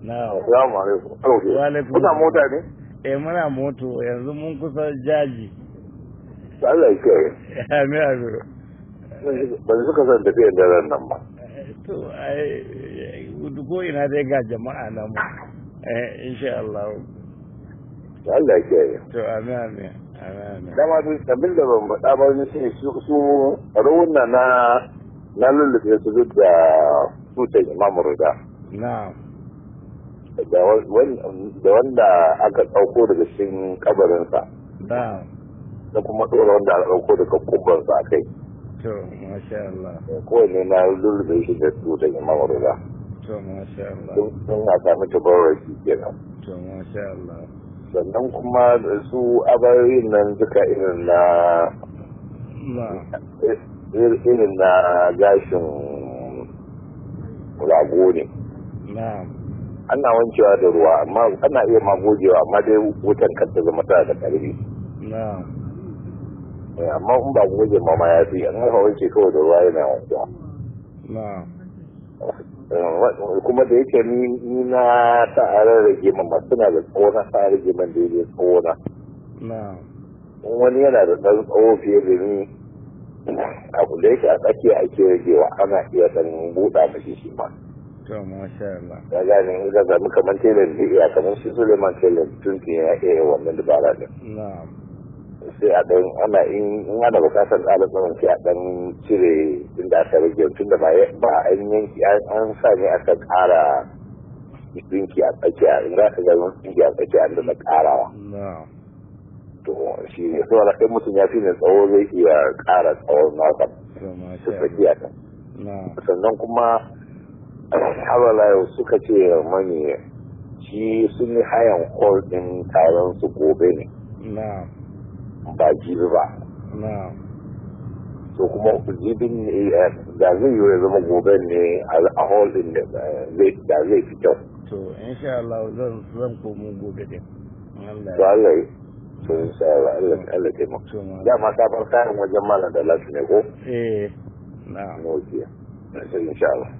Assalamu alaikum. Wa alaikum. Kuna mota ne? Eh muna moto yanzu mun kusa jaji. Allah ya kiyaye. Amin amin. Ban suka san tafiyar da nan ba. Eh, to ai ko ina dai ga jama'a na mu. Eh insha Allah. Allah ya kiyaye. To amin amin. Dama duk abin da ban faɗa ba wani shi su su rawuna na na lullufe su duk da tutar imamu rida. Na'am. da wanda aka ɗauko daga cikin kabarinsa da kuma ɗora wanda aka ɗauko daga kubbansa a kai to masha Allah kowane na lulluɓe shi da su da imam rida to masha Allah sun na sami tabarraki kenan to masha Allah sannan kuma su abayoyin nan duka irin na irin na gashin rago ne na'am ana wancewa da ruwa amma ana iya ma gogewa amma dai wutan kanta zama tana da karfi eh, amma in ba goge ma ma ya fi an haka wanke kawai da ruwa yana na eh, kuma da yake ni na ta'arar rage man masu na da tsona ta rage man da yake tsona wani yana da ɗan tsawo fiye da ni abu da yake a tsakiya ake ragewa ana iya ɗan buɗa mashi shi ma to masha Allah da gane in ga zamu kamar tailor da iya kamar shi Suleiman tailor tun tun ya iya wannan dabara din na'am sai a dan ana in ana bukatar ƙara tsaron sai a dan cire inda aka rage tun da ba ba an yanki an sa ne aka ƙara dinki a tsakiya in za ka ga dinki a tsakiya an da ƙarawa na'am to shi ne so da kai mutum ya fi ne tsawo zai iya ƙara tsawon nasa su tsakiya sannan kuma hawala suka ce mani shi sun yi hayan hall din taron su gobe ne ba jibi ba So kuma jibin eh, da zai yi zama gobe ne a hall eh, da zai fi kyau to in sha Allah zan zan komo gobe din to Allah yi to in sha Allah Allah taimaka dama ta bar kayan wajen malar da lafi ne ko eh na. na'am no sha Allah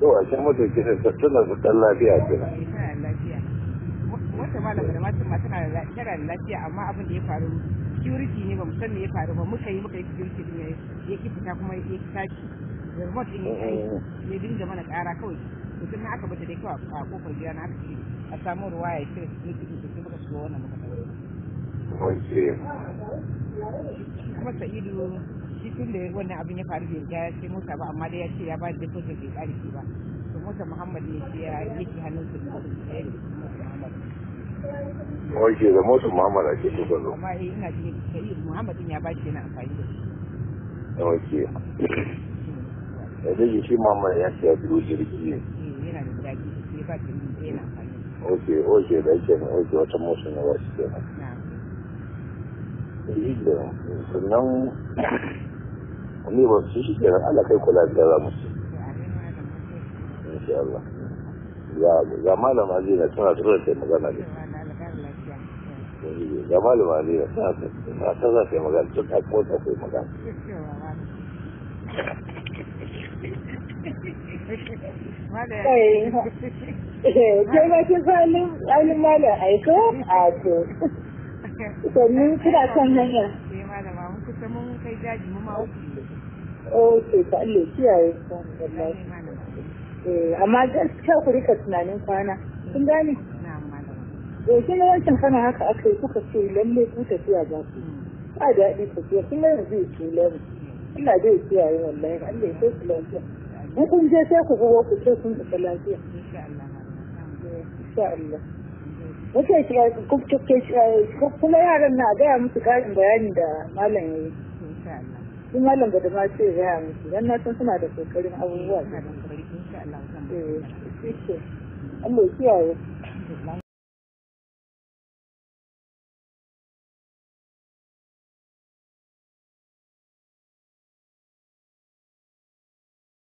yau a can mata kisa tana da dan lafiya wata da matan tana da lafiya amma abin da ya faru security ne ba mu san me ya faru ba muka yi muka yi security din ya ki fita kuma ya ki tashi remote dinga mana kara kawai mutum aka bata da kawai a kofar gida na aka ce a samu ruwa ya ce ne shiga wannan eh. kuma sa'idu shi tun da wannan abin ya faru bai ya sai mota ba amma dai ya ce ya ba da bai karfi ba to mota muhammad ne ce ya yake hannun su da da mota muhammad zo. Amma eh ina muhammad din ya ba shi yana amfani da shi. Da shi muhammad ya ya eh, da jirgi ba shi yana amfani. da oke wata wasu kenan. Sannan ni ba su shi kenan Allah kai kula da ya ga malama Azira tana tura ta magana ne. ga malama Azira tana ta za ta magana ta ta ta magana Eh, eh kai ba ki zalin malam domin kina kan hanya. Eh, kusa mun kai mu ma eh, amma gaskiya ku rika tunanin kwana. Kun gane? Na'am malama. Eh wancan kana haka yi, kuka ce lalle ku tafiya za ku. Ba daɗi tafiya kin yanzu ki lamu. Allah zai kiyaye wallahi Allah ya kai ku lafiya. Mun kun je sai ku gowa ku ce sun tafi lafiya. Insha Allah. Wace kuma yaran na gaya musu karin bayani da malam ya yi. Sun malam da ma ce gaya musu, don na san suna da kokarin abubuwa. Allah ya kiyaye.